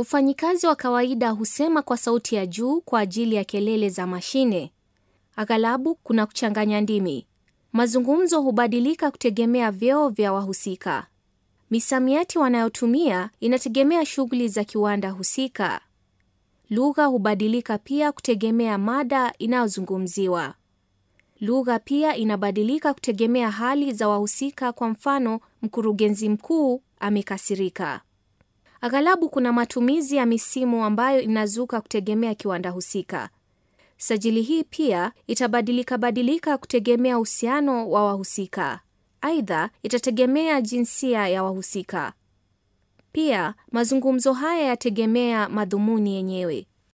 Mfanyikazi wa kawaida husema kwa sauti ya juu kwa ajili ya kelele za mashine. Aghalabu kuna kuchanganya ndimi. Mazungumzo hubadilika kutegemea vyeo vya wahusika. Misamiati wanayotumia inategemea shughuli za kiwanda husika. Lugha hubadilika pia kutegemea mada inayozungumziwa. Lugha pia inabadilika kutegemea hali za wahusika. Kwa mfano, mkurugenzi mkuu amekasirika. Aghalabu kuna matumizi ya misimu ambayo inazuka kutegemea kiwanda husika. Sajili hii pia itabadilika badilika kutegemea uhusiano wa wahusika. Aidha, itategemea jinsia ya wahusika. Pia mazungumzo haya yategemea madhumuni yenyewe.